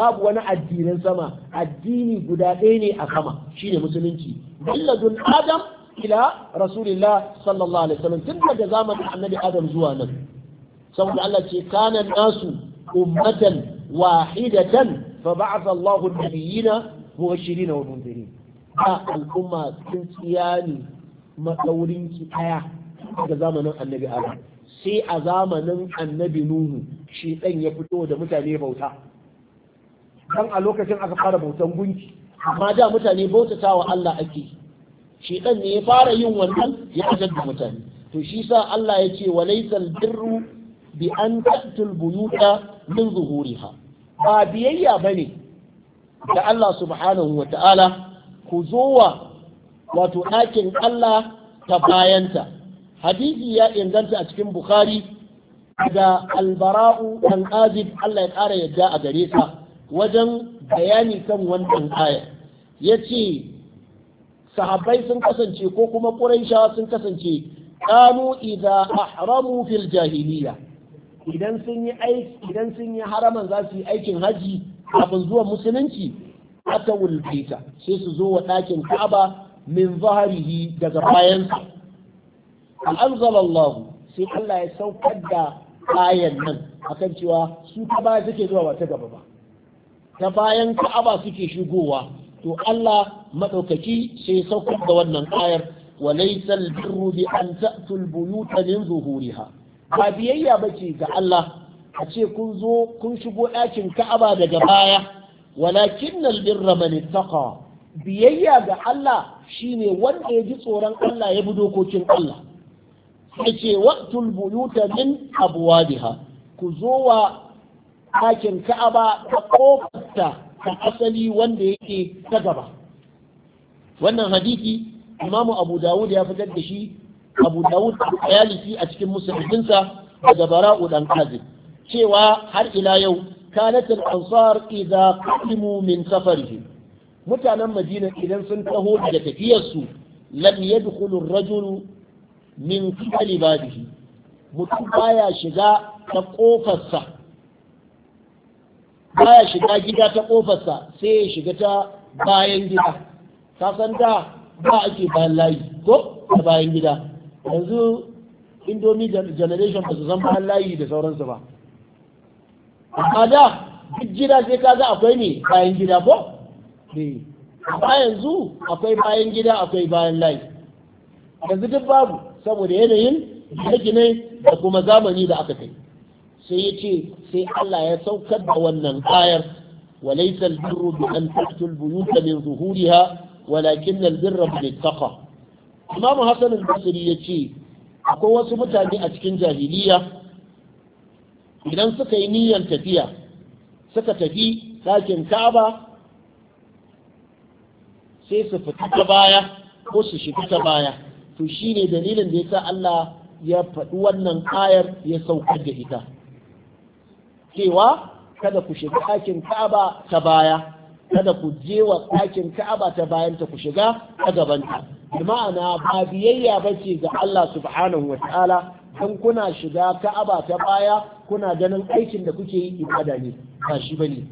babu wani addinan sama addini guda ɗaya ne a sama shine musulunci dun adam ila rasulillah sallallahu alaihi wasallam tun daga zamanin annabi adam zuwa nan saboda Allah ce kana nasu ummatan wahidatan fa ba'atha Allahu an-nabiyina mubashirin wa munzirin ba al'umma sun tsiyani madaurin ki daga zamanin annabi Adam sai a zamanin annabi Nuhu shi dan ya fito da mutane bauta dan a lokacin aka fara bautan gunki amma da mutane wa Allah ake shi dan ne ya fara yin wannan ya ajar da mutane to shi sa Allah ya ce wa birru bi an ta'tul buyuta min zuhuriha ba biyayya ba ne da Allah subhanahu wa ta'ala ku zowa wato ɗakin Allah ta bayanta hadisi ya inganta a cikin Bukhari da albara'u ɗan azib Allah ya ƙara yadda a gare sa wajen bayani kan wannan aya ya ce sahabbai sun kasance ko kuma ƙuraisha sun kasance kanu idza ahramu fil jahiliya idan sun yi aiki idan sun yi haraman za su yi aikin haji kafin zuwa musulunci aka wulbita sai su zo wa ɗakin ka'aba min zaharihi daga bayansa al'anzalallahu sai Allah ya saukar da ayan nan akan cewa su ta baya suke zuwa ba ta gaba ba ta bayan ka'aba suke shigowa to Allah maɗaukaki sai ya saukar da wannan ayar wa laysal birru bi an ta'tul buyuta min zuhuriha ba biyayya ba ce ga Allah a ce kun zo kun shigo ɗakin ka'aba daga baya walakin nal birra man takwa? biyayya ga Allah shine wanda ya ji tsoron Allah ya bi dokokin Allah sai ce waqtul buyuta min abwabiha ku zo wa ɗakin ka'aba ta kofarta ta asali wanda yake ta gaba wannan hadisi Imam abu dawud ya fitar da shi abu dawud yalifi a cikin musulminsa daga bara'u dan kazib cewa har ila yau kanat al-ansar idza qadimu min safarihi mutanen madina idan sun taho daga tafiyarsu lam yadkhulu ar-rajul min qibali badihi mutum baya shiga ta kofarsa baya shiga gida ta kofarsa sai ya shiga ta bayan gida ka san da ba ake bayan layi ko ta bayan gida yanzu indomi generation ba su san ba layi da sauransu ba amma da duk gida sai ga akwai ne bayan gida ko ne amma yanzu akwai bayan gida akwai bayan layi yanzu duk babu saboda yanayin gine da kuma zamani da aka kai sai ya ce sai Allah ya saukar da wannan ayar وليس an بأن تأتوا min من walakin al البر من taqwa imam hassan al-basri ya ce akwai wasu mutane a cikin jahiliya idan suka yi niyyar tafiya suka tafi ɗakin kaba sai su fita ta baya ko su shiga ta baya to shine dalilin da ya sa Allah ya faɗi wannan ayar ya saukar da ita cewa kada ku shiga ɗakin kaba ta baya kada ku je wa ɗakin ka'aba ta bayan ta ku shiga a gabanta bi ma'ana ba biyayya ba ce ga Allah subhanahu wa ta'ala dan kuna shiga ka'aba ta baya kuna ganin aikin da kuke yi ibada ne ba shi ba ne.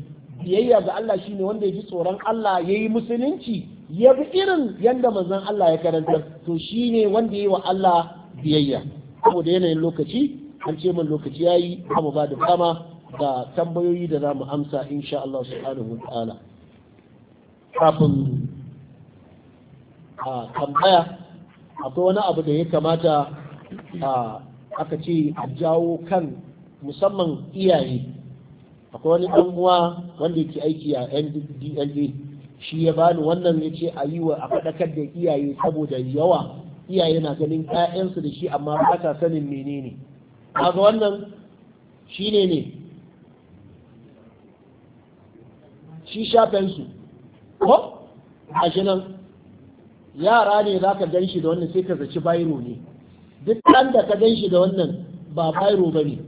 biyayya ga Allah shi ne wanda ya ji tsoron Allah ya yi musulunci ya bi irin yanda manzon Allah ya karantar to shi ne wanda ya yi wa Allah biyayya saboda yanayin lokaci an ce min lokaci ya yayi amma ba da dama ga tambayoyi da za mu amsa insha Allah subhanahu wa ta'ala kafin a tambaya akwai wani abu da ya kamata a aka ce a jawo kan musamman iyaye akwai wani ɗan uwa wanda yake aiki a ndla shi ya bani wannan ya ce a yi wa a faɗakar da iyaye saboda yawa iyaye na ganin 'ya'yansu da shi amma ba ta sanin menene kaga wannan shi ne ne shi shafensu ko gashi yara ne za ka gan shi da wannan sai ka zaci bairo ne duk ɗan da ka gan shi da wannan ba bairo ba ne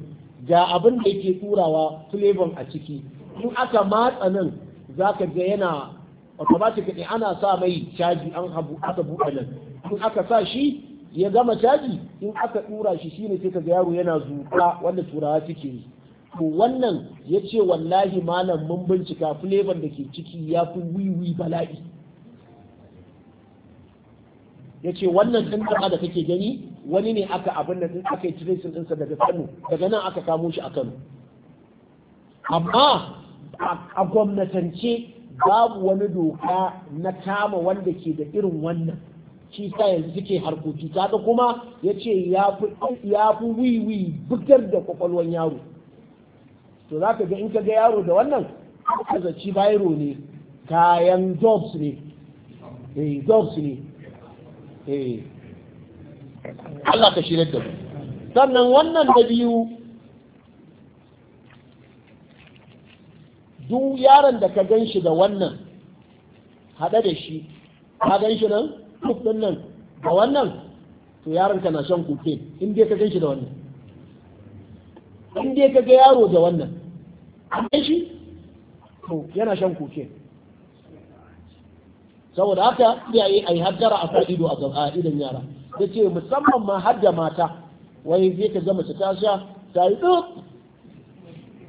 ga abin da yake turawa flavor a ciki in aka matsa nan za ka ga yana ne ana sa mai caji an habu aka buɗe nan in aka sa shi ya gama caji in aka tura shi shine sai ka ga yaro yana zuƙa wanda turawa suke yi to wannan ya ce wallahi malam mun bincika flavor da ke ciki ya fi wiwi bala'i ya ce wannan ɗin da kake gani wani ne aka abin da aka yi tracing dinsa daga kano daga nan aka kamo shi a kano amma a gwamnatance babu wani doka na kama wanda ke da irin wannan shi sa yanzu suke harkoki ta kuma ya ce ya fi wiwi bugar da kwakwalwan yaro to za ka ga in ka ga yaro da wannan zaci bayro ne kayan jobs ne eh jobs ne eh Allah ka shirya da mu sannan wannan da biyu duk yaron da ka gan shi da wannan haɗe da shi ka gan shi nan duk nan da wannan to yaron ka na shan kuke in dai ka gan shi da wannan in dai ka ga yaro da wannan an to yana shan koke saboda haka iyaye a yi haddara a kan ido a idon yara yace ce musamman ma har da mata wai zai ka gama ta tasha? ta yi duk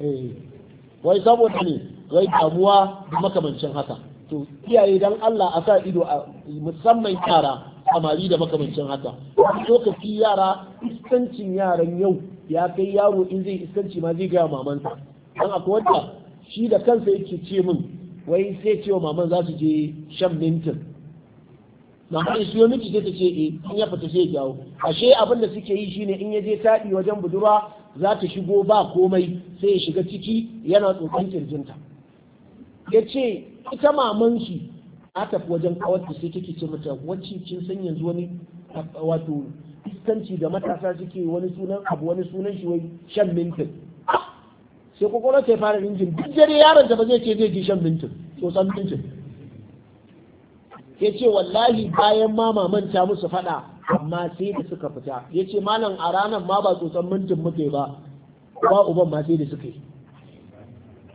eh, wai saboda ne wai damuwa da makamancin haka to iyaye dan Allah a sa ido a musamman yara amari da makamancin haka lokaci yara iskancin yaran yau ya kai yaro in zai iskanci ma zai gaya mamansa dan akwai wanda shi da kansa yake ce min wai sai cewa maman za su je shan mintin maman ya siyo miki ce ta ce e in ya fita sai jawo ashe abin da suke yi shine in ya je taɗi wajen budurwa za ta shigo ba komai sai ya shiga ciki yana tsokan kirjinta ya ce ita mamanki a tafi wajen kawarta sai take ce mata wacce kin san yanzu wani wato iskanci da matasa suke wani sunan abu wani sunan shi wai shan mintin sai kwakwalwa ta fara rinjin duk dare yaron ta ba zai ce zai ji shan mintin tsotsan mintin ya ce wallahi bayan ma manta musu faɗa amma sai da suka fita ya ce malam a ranar ma ba tsotsan mintin muke ba ba uban ma sai da suka yi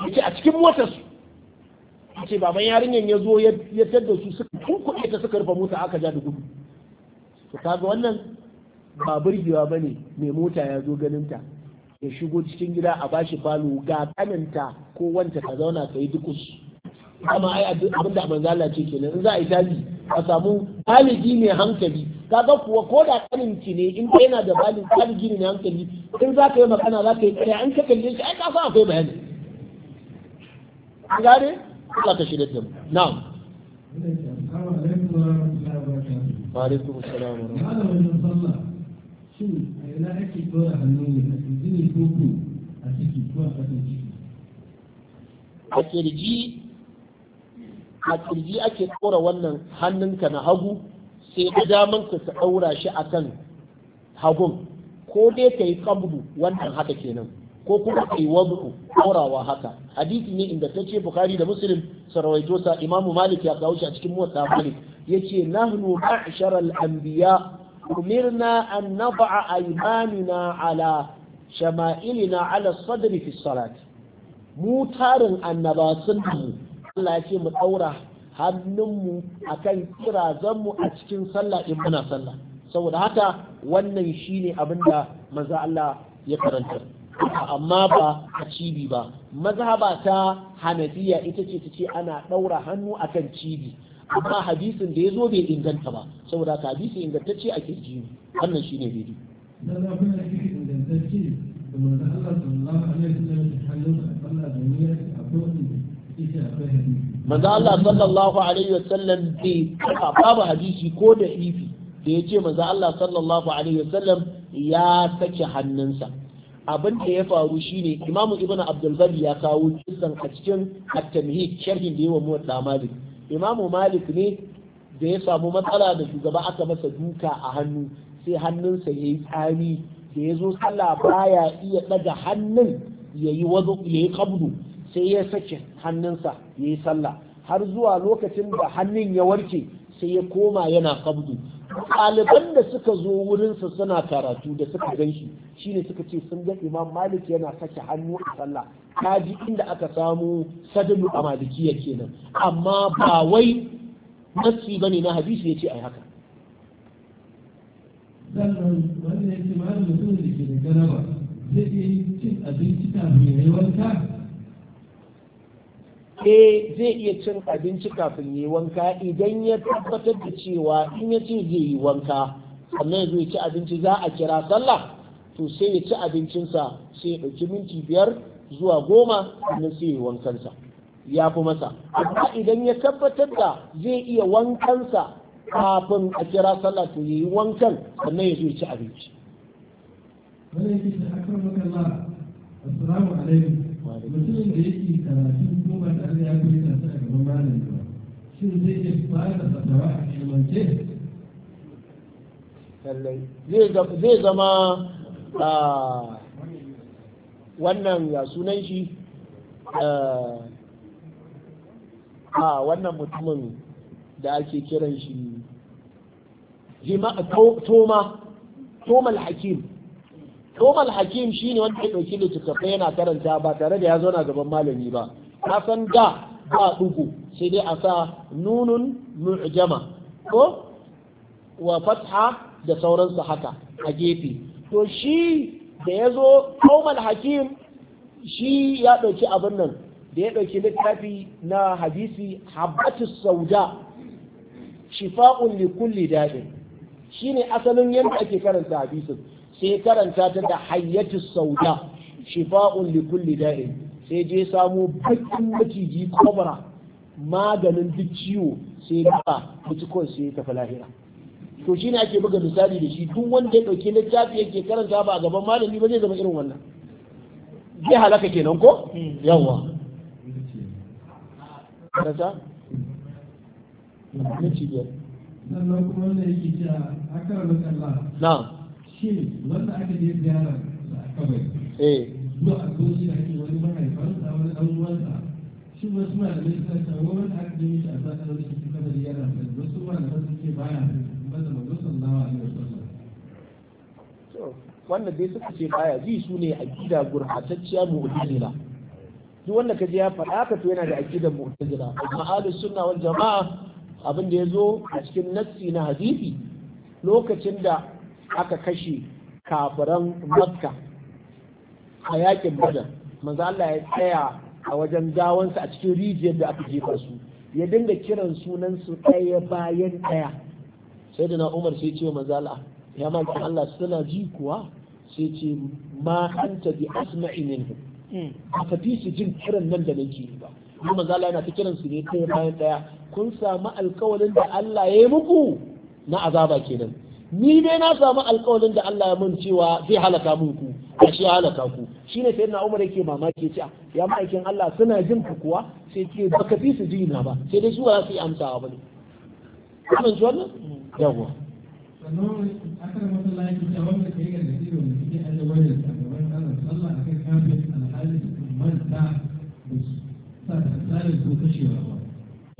ya ce a cikin su. ya ce baban yarinyar ya zo ya tadda su suka kunkuɗe ta suka rufe mota aka ja da gudu to kaga wannan ba burgewa bane mai mota ya zo ganin ta ya shigo cikin gida a bashi falo ga kaninta ko wanta ka zauna ka yi dukus amma ai abin da manzo Allah ce kenan in za a yi tali a samu baligi ne hankali kaga kuwa ko da kanin ki ne in ka yana da baligi ne hankali in za ka yi magana za ka yi kai an ka kalle shi ai ka san akwai bayani an gane Allah ka shirya da mu na'am wa alaikum assalam wa rahmatullahi wa barakatuh shin ina ake dora hannu ne koko a ciki ko a ciki a kirji a kirji ake ɗora wannan hannunka na hagu sai da daman ka ɗaura shi a kan hagun ko dai ka yi ƙabdu wannan haka kenan ko kuma ka yi wabu ɗorawa haka hadisi ne inda ta ce bukari da muslim sarwaito sa imamu malik ya kawo shi a cikin motsa malik ya ce nahnu ma'ashar al'ambiya umirna an a aimanina ala shama'ilina ala sadri fi salat mu tarin annaba sun mu Allah ya ce mu daura hannunmu akan kirazanmu a cikin sallah in muna sallah saboda haka wannan shine abinda manzo Allah ya karanta amma ba a cibi ba mazhaba ta hanafiya ita ce ta ce ana ɗaura hannu akan cibi amma hadisin da ya zo bai inganta ba saboda haka hadisi ingantacce ake jibi wannan shine daidai dan na kuna ciki ingantacce da manzon Allah sallallahu alaihi wasallam ya hannun Allah da niyyar abin ita a akwai hadisi manzon Allah sallallahu alaihi wasallam bai babu hadisi ko da ifi da ya ce manzon Allah sallallahu alaihi wasallam ya sake hannunsa abin da ya faru shine imamu ibnu abdul ya kawo kisan a cikin at-tamhid sharhin da yawa muwatta malik imamu malik ne da ya samu matsala da shugaba aka masa duka a hannu sai hannunsa ya yi tsami da ya zo sallah baya iya ɗaga hannun ya yi wazo ya yi kabdu sai ya sake hannunsa ya yi sallah har zuwa lokacin da hannun ya warke sai ya koma yana kabdu ɗaliban da suka zo wurinsa suna karatu da suka gan shi shine suka ce sun ga imam malik yana sake hannu a sallah ta ji inda aka samu sadalu a malikiya kenan amma ba wai ba bane na hadisi ya ce ai haka sannan wanda ya ce da ke da garaba zai iya cin abinci kafin ya yi wanka eh zai iya cin abinci kafin ya wanka idan ya tabbatar da cewa in ya ce zai yi wanka sannan zai ci abinci za a kira sallah to sai ya ci abincinsa sai ya ɗauki minti biyar zuwa goma sannan sai ya yi wankansa ya fi masa amma idan ya tabbatar da zai iya wankansa kafin a kira sallah to yi wankan sannan ya zo ci abinci Wani yake da akan makalla assalamu alaikum mutumin da yake karatu ko ba tare da ya koyi kansa a gaban malami ba shin zai iya fara fatawa a ilmance zai zama ah, wannan ya sunan shi eh, a ah, wannan mutumin da ake kiran shi toma toma al-hakim toma hakim shine wanda ya dauki littattafai yana karanta ba tare da ya zo na gaban malami ba na san da ba dugu sai dai a sa nunun mu'jama ko wa fatha da sauransu haka a gefe to shi da ya zo toma hakim shi ya ɗauki abin nan da ya ɗauki littafi na hadisi habatu sauda shifa'un li kulli da'in Shi ne asalin yadda ake karanta hadisin sai karanta ta da hayyatu sauda shifa'un li kulli da'in sai je samu bakin maciji kobra maganin duk ciwo sai gaba mutu kawai sai tafi lahira to shi ne ake buga misali da shi duk wanda ya ɗauki littafi yake karanta ba a gaban malami ba zai zama irin wannan zai halaka kenan ko yawa karanta sannan kuma wanda yake cewa a karar kalla. na shi wanda aka je ziyara da kabari eh zuwa a goshi da ake wani mahaifansa wani ɗan uwansa shi wasu malamai suna cewa wanda aka je mishi a zaɗa wani shi kabari ziyara da wasu malamai sun ce baya ba, masa mazo sallawa a da sallah wanda dai suka ce baya ji su ne a gida gurhatacciya mu'tazila duk wanda ka je ya faɗa ka to yana da aqidar mu'tazila amma ahlus sunna wal jama'a abin da ya zo a cikin nassi na hadisi lokacin da aka kashe kafiran makka a yakin badar manzo Allah ya tsaya a wajen gawansa a cikin rijiyar da aka jefa su ya dinga kiran sunan su ɗaya bayan ɗaya sai da na umar sai ce manzo Allah ya ma Allah suna ji kuwa sai ce ma anta bi asma'i minhu hmm. a fi su jin kiran nan da nake ba kuma manzo Allah yana ta kiran su ne kai bayan daya kun samu alƙawarin da Allah ya yi muku na azaba kenan ni dai na samu alƙawarin da Allah ya mun cewa zai halaka mun ku a shi halaka ku shine sai na Umar yake mamaki ce ah, ya ma'aikin Allah suna jin ku kuwa sai ce baka fi su ji na ba sai dai su ba su yi amsawa ba ne kuma ji wannan yawa da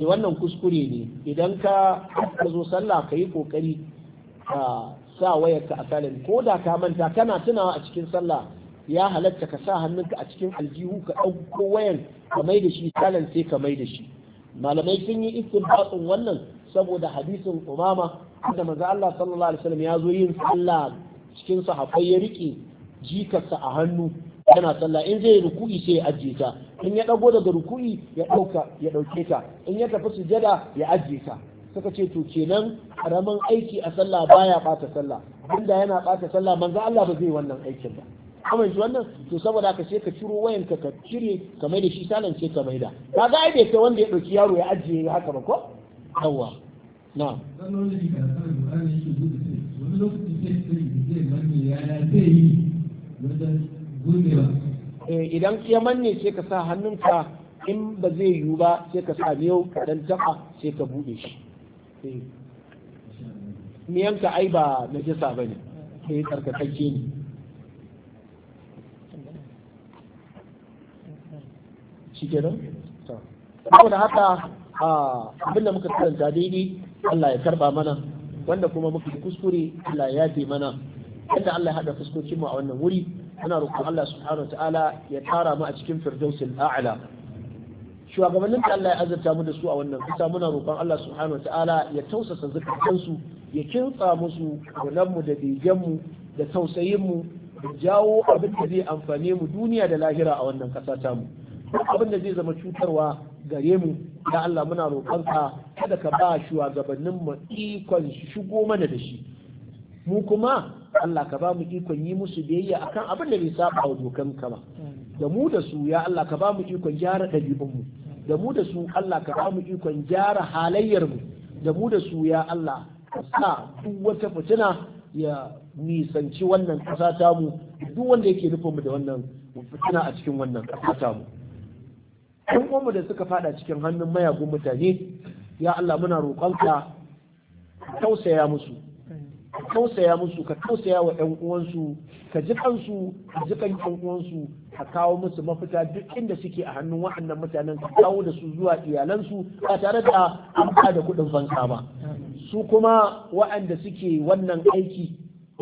e wannan kuskure ne idan ka zo sallah ka yi kokari ka sa wayanka a salin ko da ka manta kana tunawa a cikin sallah ya halatta ka sa hannunka a cikin aljihu ka ɗauko wayan ka mai da shi salin sai ka mai da shi malamai sun yi istinbatsin wannan saboda hadisin umama da maza Allah sallallahu alaihi wasallam ya zo yin sallah cikin sahafai ya rike jikarsa a hannu yana sallah in zai ruku'i sai ya ajiye ta in ya dago daga ruku'i ya dauka ya dauke ta in ya tafi sujada ya ajiye ta suka ce to kenan ƙaramin aiki a sallah baya bata sallah inda yana bata sallah manzo Allah ba zai wannan aikin ba kamar shi wannan to saboda ka sai ka ciro wayan ka ka cire ka mai da shi salan ce ka mai da ga ai bai kai wanda ya ɗauki yaro ya ajiye haka ba ko yawa na'am wani lokaci zai yi Eh, idan ya ne sai ka sa hannunka in ba zai yiwu ba sai ka sa miyau ka dan sai ka bude shi eh. miyanka ai ba ba bane sai tsarkakakke ne shi nan? saboda haka da muka karanta daidai Allah ya karba mana wanda kuma muka kuskure Allah ya yafe mana yadda Allah ya haɗa fuskokinmu a wannan wuri ana roƙon Allah subhanahu ta'ala ya tara mu a cikin firdausin a'ala shugabannin da Allah ya azurta mu da su a wannan kusa muna roƙon Allah subhanahu ta'ala ya tausasa zakatansu ya kintsa musu kaunan mu da begen mu da tausayin mu da jawo abin da zai amfane mu duniya da lahira a wannan ƙasa ta mu abin da zai zama cutarwa gare mu ya Allah muna roƙonka kada ka ba shugabannin mu ikon shigo mana da shi mu kuma Allah ka ba mu ikon yi musu biyayya akan abin da bai saba wa dokan ka ba da mu da su ya Allah ka ba mu ikon gyara ɗabi'un mu da mu da su Allah ka ba mu ikon gyara halayyar mu da mu da su ya Allah sa duk wata fitina ya nisanci wannan ƙasa mu, duk wanda yake nufin mu da wannan fitina a cikin wannan ƙasa mu. kun uwanmu da suka fada cikin hannun mayagun mutane ya Allah muna roƙonka tausaya musu tausaya musu ka tausaya wa ƴan uwansu ka ji kansu ka ji kan ƴan uwansu ka kawo musu mafita duk inda suke a hannun waɗannan mutanen ka kawo da su zuwa iyalansu ba tare da an ba da kuɗin fansa ba su kuma waɗanda suke wannan aiki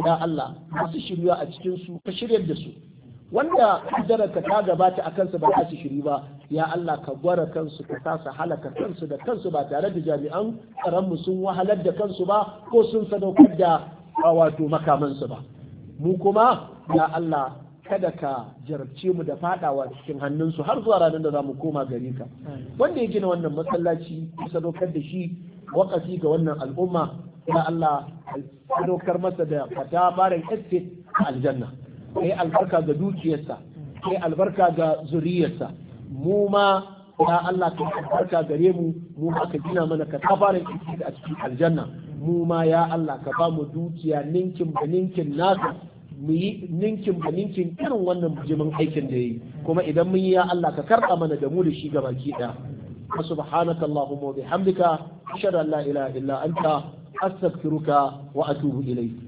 ya Allah masu shirya a cikin su ka shirya da su wanda hajjararka ta gabata a kansu ba za shiri ba ya Allah ka gwara kansu ka kasa halaka kansu da kansu ba tare da jami'an tsaronmu sun wahalar da kansu ba ko sun sadaukar da wato makamansu ba mu kuma ya Allah kada ka jarabce mu da fadawa cikin hannunsu har zuwa ranar da za mu koma gare ka wanda ya gina wannan masallaci ya sadaukar da shi wakasi ga wannan al'umma ya Allah sadaukar masa da fata barin estate a aljanna yi albarka ga dukiyarsa yi albarka ga zuriyarsa mu ma ya Allah ka albarka gare mu mu aka gina mana ka tabarin a cikin aljanna mu ma ya Allah ka ba mu dukiya ninkin ba ninkin nasa mu yi ninkin ba ninkin irin wannan jimin aikin da yayi kuma idan mun yi ya Allah ka karɓa mana da mu da shi gabaki ɗaya subhanaka allahumma wa bihamdika ashhadu an la ilaha illa anta astaghfiruka wa atubu ilayk